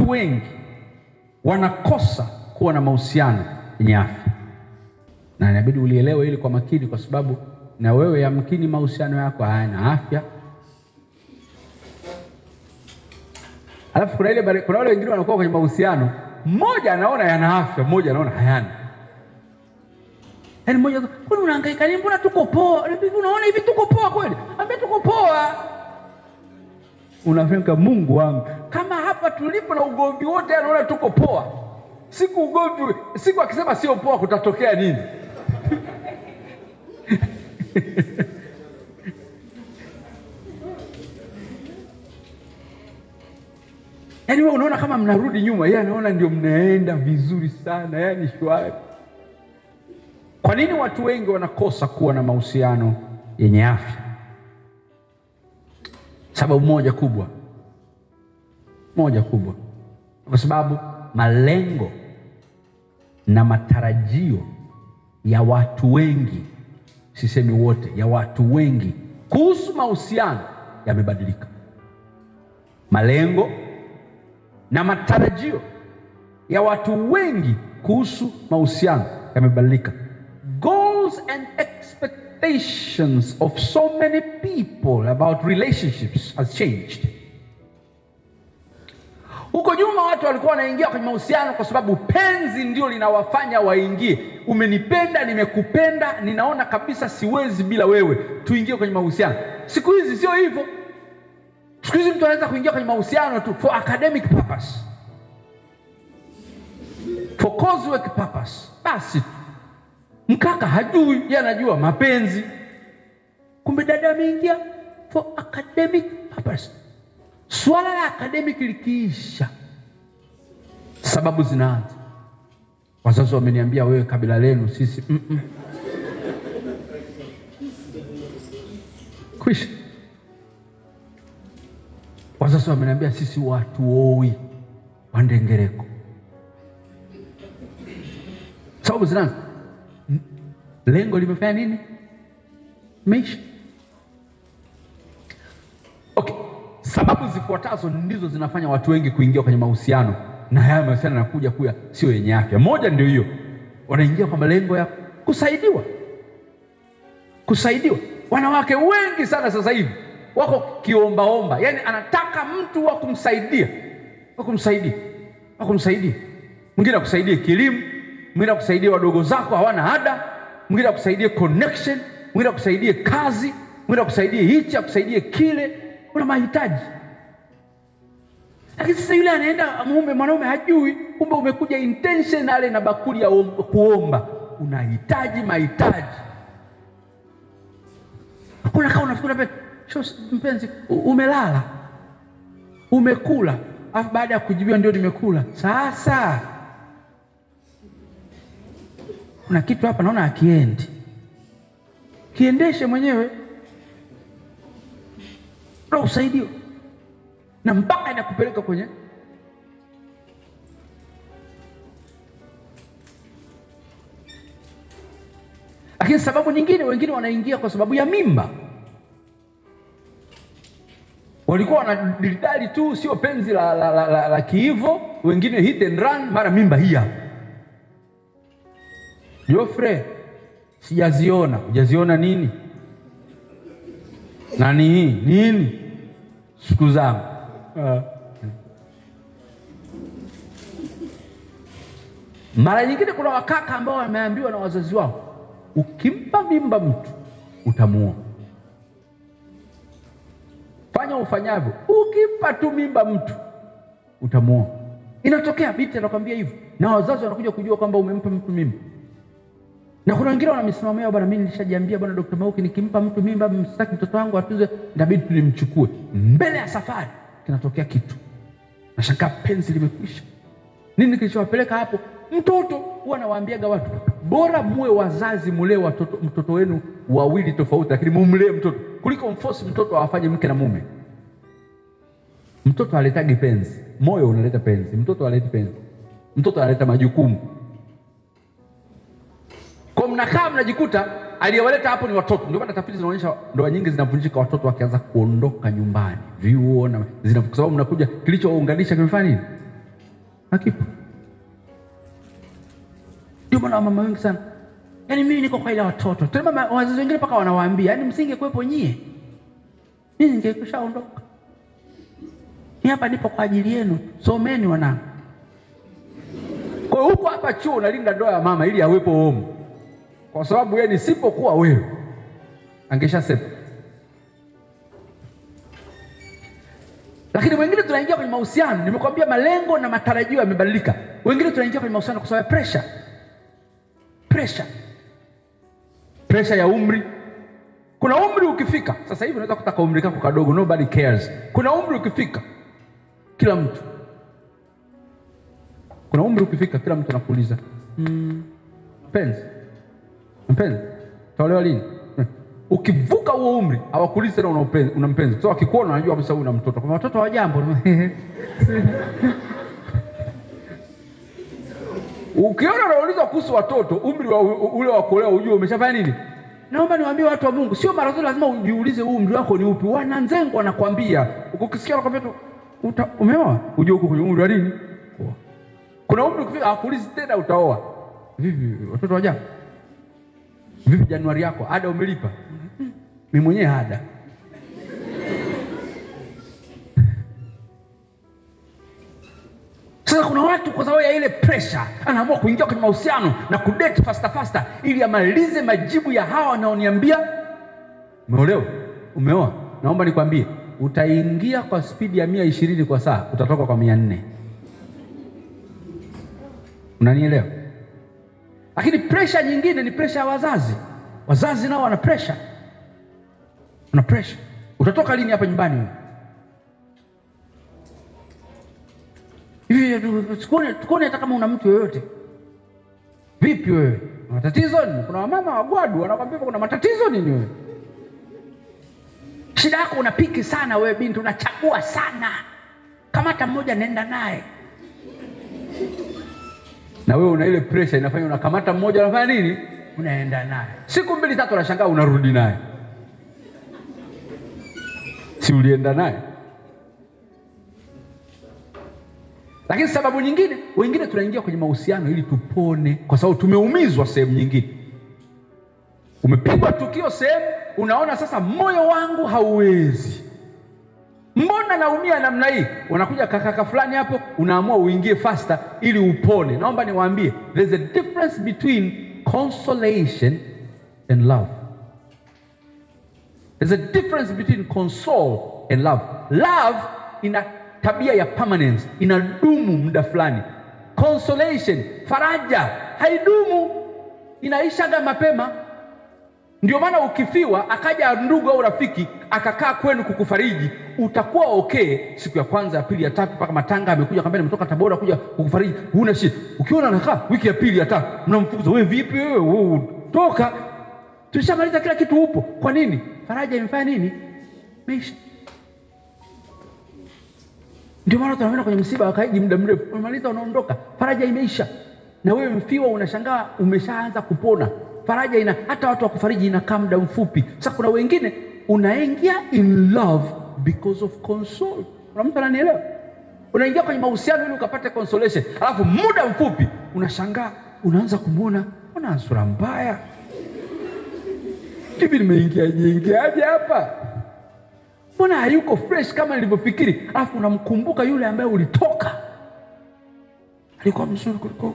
watu wengi wanakosa kuwa na mahusiano yenye afya, na inabidi ulielewe ili kwa makini, kwa sababu na wewe yamkini mahusiano yako hayana afya. Alafu kuna ile kuna wale wengine wanakuwa kwenye mahusiano, mmoja anaona yana afya, mmoja anaona hayana. Yaani mmoja kwani unahangaika nini? Mbona tuko poa? Yaani unaona hivi tuko poa kweli? Ambe tuko poa. Unafika Mungu wangu hapa tulipo na ugomvi wote, anaona tuko poa. Siku ugomvi siku akisema sio poa, kutatokea nini? Yaani wewe unaona kama mnarudi nyuma, yeye anaona ndio mnaenda vizuri sana, yaani shwari. Kwa nini watu wengi wanakosa kuwa na mahusiano yenye afya? Sababu moja kubwa moja kubwa, kwa sababu malengo na matarajio ya watu wengi, sisemi wote, ya watu wengi kuhusu mahusiano yamebadilika. Malengo na matarajio ya watu wengi kuhusu mahusiano yamebadilika. Goals and expectations of so many people about relationships has changed. Huko nyuma watu walikuwa wanaingia kwenye mahusiano kwa sababu penzi ndio linawafanya waingie. Umenipenda, nimekupenda, ninaona kabisa siwezi bila wewe, tuingie kwenye mahusiano. Siku hizi sio hivyo. Siku hizi mtu anaweza kuingia kwenye mahusiano tu for academic purpose, for coursework purpose, basi Mkaka hajui, yeye anajua mapenzi, kumbe dada ameingia for academic purpose. Swala la academic likiisha, sababu zinaanza. Wazazi wameniambia wewe, kabila lenu sisi mm -mm. Kwisha. Wazazi wameniambia sisi watu wa ndengereko, sababu zinaanza. Lengo limefanya nini? Meisha. Sababu zifuatazo ndizo zinafanya watu wengi kuingia kwenye mahusiano, na haya mahusiano yanakuja kuya sio yenye afya. Moja ndio hiyo, wanaingia kwa malengo ya kusaidiwa, kusaidiwa. Wanawake wengi sana sasa hivi wako kiombaomba, yani anataka mtu wa kumsaidia, wa kumsaidia, wa kumsaidia. Mwingine akusaidie kilimo, mwingine akusaidie wadogo zako hawana ada, mwingine akusaidie connection, mwingine akusaidie kazi, mwingine akusaidie hichi, akusaidie kile kuna mahitaji. Lakini sasa yule anaenda amuombe mwanaume hajui, kumbe umekuja intentionally na bakuli ya kuomba, unahitaji mahitaji. Hakuna kama unafikiria mpenzi, umelala umekula, afu baada ya kujibiwa ndio nimekula. Sasa kuna kitu hapa naona akiendi, kiendeshe mwenyewe na usaidio na mpaka inakupeleka kwenye lakini sababu nyingine, wengine wanaingia kwa sababu ya mimba. Walikuwa wanadilidali tu, sio penzi la, la, la, la, la kiivo. Wengine hit and run, mara mimba hii hapa. Jofre, sijaziona. Hujaziona nini? na ni nini siku zangu eh. Mara nyingine kuna wakaka ambao wameambiwa na wazazi wao, ukimpa mimba mtu utamuoa, fanya ufanyavyo, ukimpa tu mimba mtu utamuoa. Inatokea binti anakwambia hivyo, na wazazi wanakuja kujua kwamba umempa mtu mimba. Na kuna wengine wana misimamo yao, bwana, mimi nilishajiambia bwana, Dr. Mauki nikimpa mtu mimba, msitaki mtoto wangu atuze, inabidi tulimchukue. Mbele ya safari kinatokea kitu, nashangaa penzi limekwisha. Nini kilichowapeleka hapo? Mtoto huwa nawaambiaga watu, bora muwe wazazi mulee watoto mtoto wenu wawili tofauti, lakini mumlee mtoto kuliko mforce mtoto awafanye mke na mume. Mtoto aletagi penzi, moyo unaleta penzi, mtoto aleti penzi, mtoto analeta majukumu kwa mnakaa mnajikuta aliyewaleta hapo ni watoto. Ndio maana tafiti zinaonyesha ndoa nyingi zinavunjika, watoto wakianza kuondoka nyumbani, vyuo na zina, kwa sababu mnakuja, kilichounganisha kimefanya nini? Hakipo. Ndio maana mama wengi sana, yaani mimi niko kwa ile watoto tena, mama wazazi wengine mpaka wanawaambia, yaani msingekuwepo nyie, mimi ningekushaondoka. Ni hapa nipo kwa ajili yenu, someni wanangu. Kwa huko hapa chuo nalinda ndoa ya mama ili awepo home kwa sababu yeye nisipokuwa wewe angeshasema. Lakini wengine tunaingia kwenye mahusiano, nimekwambia malengo na matarajio yamebadilika. Wengine tunaingia kwenye mahusiano kwa sababu ya presha, Pressure. Pressure ya umri. Kuna umri ukifika sasa hivi unaweza kutaka umri kako kadogo, nobody cares. Kuna umri ukifika kila mtu kuna umri ukifika kila mtu anakuuliza mpenzi, mm. penzi, mpenzi, tuelewa lini? Ukivuka huo umri hawakuulizi tena una mpenzi. So wakikuona wanajua kabisa na mtoto. Kwa watoto wa jambo ukiona unaulizwa kuhusu watoto, umri wa ule wa kuolewa, ujue umeshafanya nini. Naomba niwaambie watu wa Mungu, sio mara zote lazima ujiulize huu umri wako ni upi. Wananzengo anakwambia, ukukisikia anakwambia tu umeoa, ujue uko kwenye umri wa nini. Kuna umri ukifika hawakuulizi tena utaoa. vivi watoto wa jambo Vipi Januari yako ada umelipa? Mimi mwenyewe ada. Sasa kuna watu kwa sababu ya ile pressure anaamua kuingia kwenye mahusiano na kudate fasta fasta ili amalize majibu ya hawa wanaoniambia umeolewa, umeoa. Naomba nikwambie, utaingia kwa spidi ya mia ishirini kwa saa, utatoka kwa mia nne. Unanielewa? Lakini presha nyingine ni presha ya wazazi. Wazazi nao wana presha, wana presha. Utatoka lini hapa nyumbani? Hivi tukuone hata kama una mtu yoyote. Vipi wewe, matatizo nini? Kuna wamama wagwadu wanakwambia kuna matatizo nini wewe? Shida yako unapiki sana wewe, binti unachagua sana, kamata mmoja, nenda naye na wewe una ile pressure inafanya unakamata mmoja, unafanya nini? Unaenda naye siku mbili tatu, unashangaa unarudi naye, si ulienda naye? Lakini sababu nyingine, wengine tunaingia kwenye mahusiano ili tupone, kwa sababu tumeumizwa sehemu nyingine. Umepigwa tukio sehemu, unaona sasa moyo wangu hauwezi Mbona naumia namna hii? Unakuja kakaka fulani hapo, unaamua uingie faster ili upone. Naomba niwaambie, there's a difference between consolation and love. There's a difference between console and love. Love ina tabia ya permanence, inadumu muda fulani. Consolation, faraja, haidumu, inaishaga mapema. Ndio maana ukifiwa akaja ndugu au rafiki akakaa kwenu kukufariji utakuwa okay siku ya kwanza ya pili ya tatu, mpaka matanga amekuja akamwambia nimetoka Tabora kuja kukufariji, huna shida. Ukiona anakaa wiki ya pili ya tatu, mnamfukuza wewe, vipi wewe, toka, tulishamaliza kila kitu, upo kwa nini? Faraja imefanya nini? Meisha. Ndio maana tunaenda kwenye msiba wakaiji muda mrefu, unamaliza unaondoka, faraja imeisha. Na wewe mfiwa unashangaa umeshaanza kupona, faraja ina hata watu wa kufariji inakaa muda mfupi. Sasa kuna wengine unaingia in love because of console. Kuna mtu ananielewa? Unaingia kwenye mahusiano ili ukapate consolation, alafu muda mfupi unashangaa unaanza kumwona ana sura mbaya. Hivi nimeingia ingiaje hapa? Mbona hayuko fresh kama nilivyofikiri? Alafu unamkumbuka yule ambaye ulitoka, alikuwa mzuri kuliko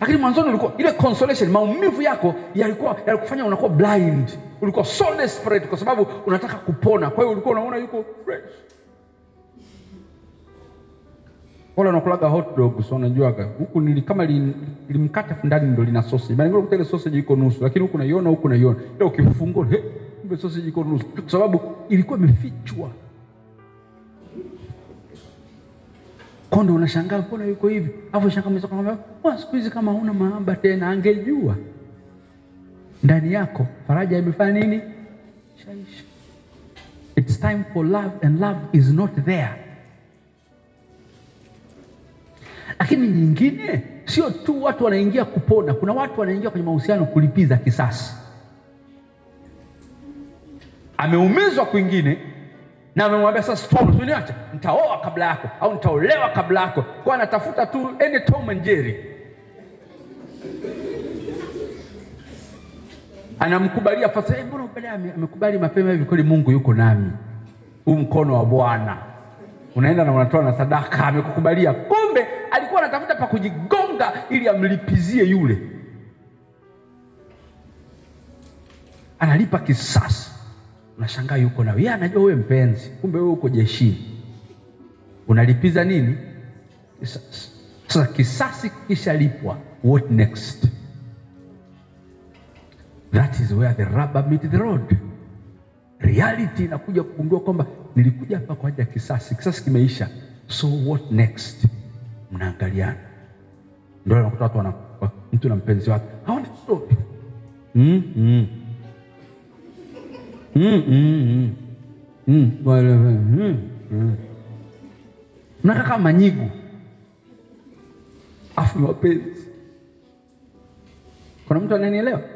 lakini mwanzoni ulikuwa ile consolation, maumivu yako yalikuwa yalikufanya unakuwa blind, ulikuwa so desperate kwa sababu unataka kupona. Kwa hiyo ulikuwa unaona yuko fresh. Wala unakulaga hot so unajua huku nili kama limkata li ndani ndo lina sosi Maana ngikuta kutele sosi iko nusu, lakini huku naiona huku naiona. Ile ukifungua, he, sosi iko nusu kwa sababu ilikuwa imefichwa. kondo unashangaa mbona yuko hivi, alafu shangaa kwamba siku hizi kama huna mahaba tena, angejua ndani yako faraja imefanya nini, shaisha. It's time for love and love is not there. Lakini nyingine sio tu watu wanaingia kupona, kuna watu wanaingia kwenye mahusiano kulipiza kisasi. Ameumizwa kwingine na amemwambia sasa, stop, usiniache, nitaoa kabla yako au nitaolewa kabla yako, kwa anatafuta tu any Tom and Jerry anamkubalia fasa. Hey, eh, mbona ubale amekubali mapema hivi? Kweli Mungu yuko nami, huu mkono wa Bwana unaenda na unatoa na sadaka, amekukubalia. Kumbe alikuwa anatafuta pa kujigonga ili amlipizie yule, analipa kisasi unashangaa yuko na wewe, anajua wewe mpenzi, kumbe wewe uko jeshini. Unalipiza nini sasa? Kisasi kishalipwa, what next? That is where the rubber meet the road. Reality inakuja kugundua kwamba nilikuja hapa kwa ajili ya kisasi, kisasi kimeisha, so what next? Mnaangaliana, ndio unakuta watu wana mtu na mpenzi wake hawana story. mm -hmm. hmm. Hmm, hmm, hmm. mnakaa kama manyigu, afu ni wapenzi. Kuna mtu ananielewa?